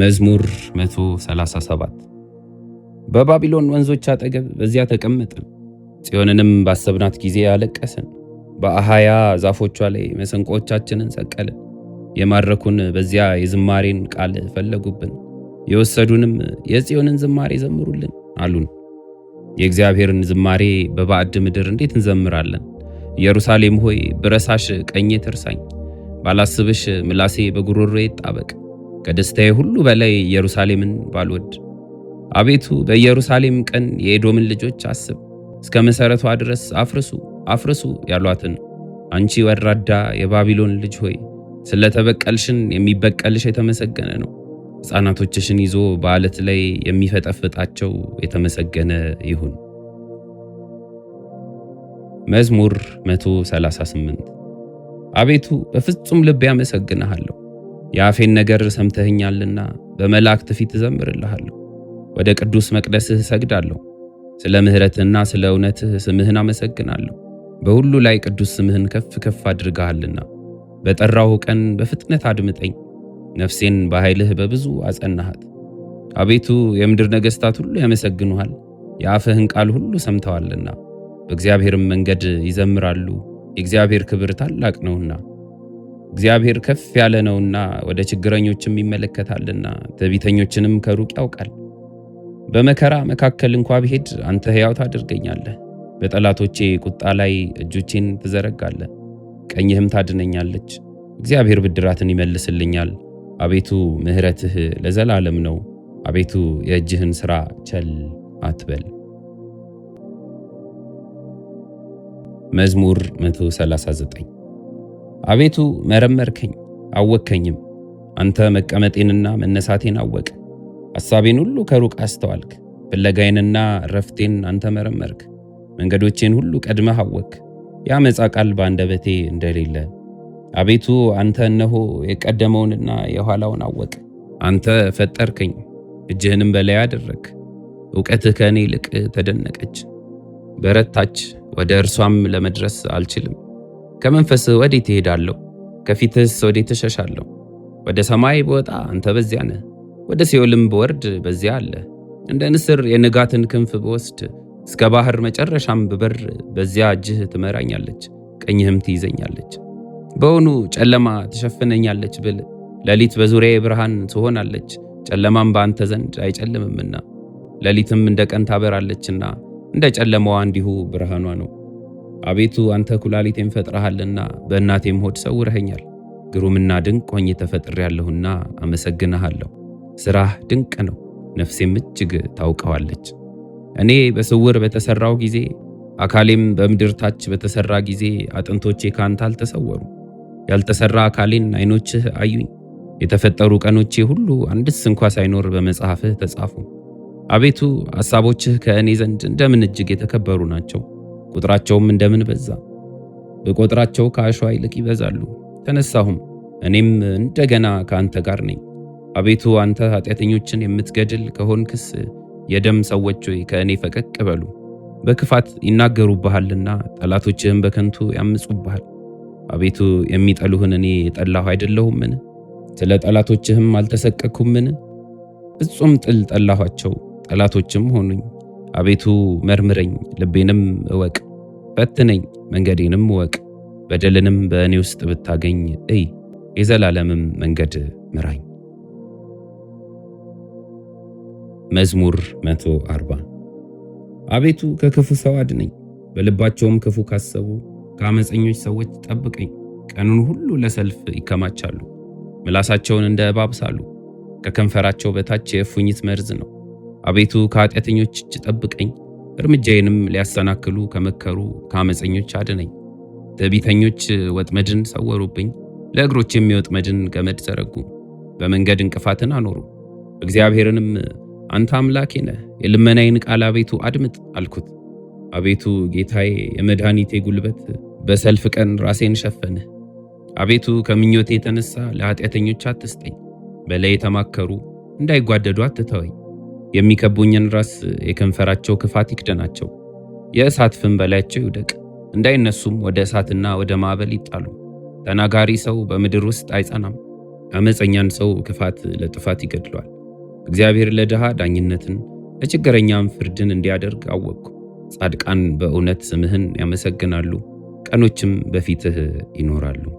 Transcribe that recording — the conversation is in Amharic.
መዝሙር 137 በባቢሎን ወንዞች አጠገብ በዚያ ተቀመጥን፣ ጽዮንንም ባሰብናት ጊዜ አለቀስን። በአሃያ ዛፎቿ ላይ መሰንቆቻችንን ሰቀልን። የማረኩን በዚያ የዝማሬን ቃል ፈለጉብን፣ የወሰዱንም የጽዮንን ዝማሬ ዘምሩልን አሉን። የእግዚአብሔርን ዝማሬ በባዕድ ምድር እንዴት እንዘምራለን? ኢየሩሳሌም ሆይ ብረሳሽ ቀኜ ትርሳኝ፣ ባላስብሽ ምላሴ በጉሮሮ ይጣበቅ። ከደስታዬ ሁሉ በላይ ኢየሩሳሌምን ባልወድ። አቤቱ በኢየሩሳሌም ቀን የኤዶምን ልጆች አስብ፣ እስከ መሠረቷ ድረስ አፍርሱ አፍርሱ ያሏትን አንቺ ወራዳ የባቢሎን ልጅ ሆይ ስለተበቀልሽን የሚበቀልሽ የተመሰገነ ነው። ሕፃናቶችሽን ይዞ በዓለት ላይ የሚፈጠፍጣቸው የተመሰገነ ይሁን። መዝሙር 138 አቤቱ በፍጹም ልብ ያመሰግንሃለሁ የአፌን ነገር ሰምተህኛልና በመላእክት ፊት እዘምርልሃለሁ። ወደ ቅዱስ መቅደስህ እሰግዳለሁ። ስለ ምሕረትህና ስለ እውነትህ ስምህን አመሰግናለሁ። በሁሉ ላይ ቅዱስ ስምህን ከፍ ከፍ አድርገሃልና በጠራሁ ቀን በፍጥነት አድምጠኝ። ነፍሴን በኃይልህ በብዙ አጸናሃት። አቤቱ የምድር ነገሥታት ሁሉ ያመሰግኑሃል፣ የአፍህን ቃል ሁሉ ሰምተዋልና። በእግዚአብሔርም መንገድ ይዘምራሉ፣ የእግዚአብሔር ክብር ታላቅ ነውና። እግዚአብሔር ከፍ ያለ ነውና ወደ ችግረኞችም ይመለከታልና ትዕቢተኞችንም ከሩቅ ያውቃል። በመከራ መካከል እንኳ ብሄድ አንተ ሕያው ታደርገኛለህ። በጠላቶቼ ቁጣ ላይ እጆቼን ትዘረጋለህ፣ ቀኝህም ታድነኛለች። እግዚአብሔር ብድራትን ይመልስልኛል። አቤቱ ምሕረትህ ለዘላለም ነው። አቤቱ የእጅህን ሥራ ቸል አትበል። መዝሙር 139 አቤቱ መረመርከኝ አወከኝም። አንተ መቀመጤንና መነሳቴን አወቅ። ሐሳቤን ሁሉ ከሩቅ አስተዋልክ። ፍለጋዬንና ረፍቴን አንተ መረመርክ። መንገዶቼን ሁሉ ቀድመህ አወክ። የአመፃ ቃል በአንደበቴ እንደሌለ አቤቱ አንተ እነሆ የቀደመውንና የኋላውን አወቅ። አንተ ፈጠርከኝ፣ እጅህንም በላይ አደረግ እውቀትህ ከእኔ ይልቅ ተደነቀች፣ በረታች። ወደ እርሷም ለመድረስ አልችልም። ከመንፈስህ ወዴት ትሄዳለሁ ከፊትህስ ወዴት እሸሻለሁ? ወደ ሰማይ ብወጣ አንተ በዚያ ነህ፣ ወደ ሲኦልም ብወርድ በዚያ አለ። እንደ ንስር የንጋትን ክንፍ ብወስድ፣ እስከ ባህር መጨረሻም ብበር፣ በዚያ እጅህ ትመራኛለች፣ ቀኝህም ትይዘኛለች። በውኑ ጨለማ ትሸፍነኛለች ብል፣ ሌሊት በዙሪያ ብርሃን ትሆናለች። ጨለማም በአንተ ዘንድ አይጨልምምና፣ ሌሊትም እንደ ቀን ታበራለችና፣ እንደ ጨለማዋ እንዲሁ ብርሃኗ ነው። አቤቱ አንተ ኩላሊቴን ፈጥረሃልና በእናቴም ሆድ ሰውረኸኛል። ግሩምና ድንቅ ሆኜ ተፈጥሬያለሁና አመሰግንሃለሁ። ሥራህ ድንቅ ነው፣ ነፍሴም እጅግ ታውቀዋለች። እኔ በስውር በተሠራው ጊዜ አካሌም በምድር ታች በተሠራ ጊዜ አጥንቶቼ ካንተ አልተሰወሩ። ያልተሠራ አካሌን ዐይኖችህ አዩኝ። የተፈጠሩ ቀኖቼ ሁሉ አንድስ እንኳ ሳይኖር በመጽሐፍህ ተጻፉ። አቤቱ ሐሳቦችህ ከእኔ ዘንድ እንደምን እጅግ የተከበሩ ናቸው። ቁጥራቸውም እንደምን በዛ! በቁጥራቸው ከአሸዋ ይልቅ ይበዛሉ። ተነሳሁም፣ እኔም እንደገና ከአንተ ጋር ነኝ። አቤቱ አንተ ኃጢአተኞችን የምትገድል ከሆንክስ የደም ሰዎች ሆይ ከእኔ ፈቀቅ በሉ። በክፋት ይናገሩብሃልና ጠላቶችህም በከንቱ ያምፁብሃል። አቤቱ የሚጠሉህን እኔ የጠላሁ አይደለሁምን? ስለ ጠላቶችህም አልተሰቀኩምን? ፍጹም ጥል ጠላኋቸው፣ ጠላቶችም ሆኑኝ። አቤቱ መርምረኝ፣ ልቤንም እወቅ፣ ፈትነኝ፣ መንገዴንም እወቅ። በደልንም በእኔ ውስጥ ብታገኝ እይ፣ የዘላለምም መንገድ ምራኝ። መዝሙር 140 አቤቱ ከክፉ ሰው አድነኝ፣ በልባቸውም ክፉ ካሰቡ ከአመፀኞች ሰዎች ጠብቀኝ። ቀኑን ሁሉ ለሰልፍ ይከማቻሉ፣ ምላሳቸውን እንደ እባብ ሳሉ፣ ከከንፈራቸው በታች የእፉኝት መርዝ ነው። አቤቱ ከኃጢአተኞች እጅ ጠብቀኝ፣ እርምጃዬንም ሊያሰናክሉ ከመከሩ ከአመፀኞች አድነኝ። ትዕቢተኞች ወጥመድን ሰወሩብኝ፣ ለእግሮች የሚወጥመድን ገመድ ዘረጉ፣ በመንገድ እንቅፋትን አኖሩ። እግዚአብሔርንም አንተ አምላኬ ነህ፣ የልመናዬን ቃል አቤቱ አድምጥ አልኩት። አቤቱ ጌታዬ፣ የመድኃኒቴ ጉልበት፣ በሰልፍ ቀን ራሴን ሸፈንህ። አቤቱ ከምኞቴ የተነሳ ለኃጢአተኞች አትስጠኝ፣ በላይ የተማከሩ እንዳይጓደዱ አትተወኝ። የሚከቡኝን ራስ የከንፈራቸው ክፋት ይክደናቸው። የእሳት ፍም በላያቸው ይውደቅ፣ እንዳይነሱም ወደ እሳትና ወደ ማዕበል ይጣሉ። ተናጋሪ ሰው በምድር ውስጥ አይጸናም። አመፀኛን ሰው ክፋት ለጥፋት ይገድሏል። እግዚአብሔር ለድሃ ዳኝነትን ለችግረኛም ፍርድን እንዲያደርግ አወቅኩ። ጻድቃን በእውነት ስምህን ያመሰግናሉ፣ ቀኖችም በፊትህ ይኖራሉ።